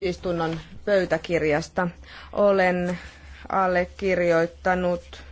istunnon pöytäkirjasta. Olen allekirjoittanut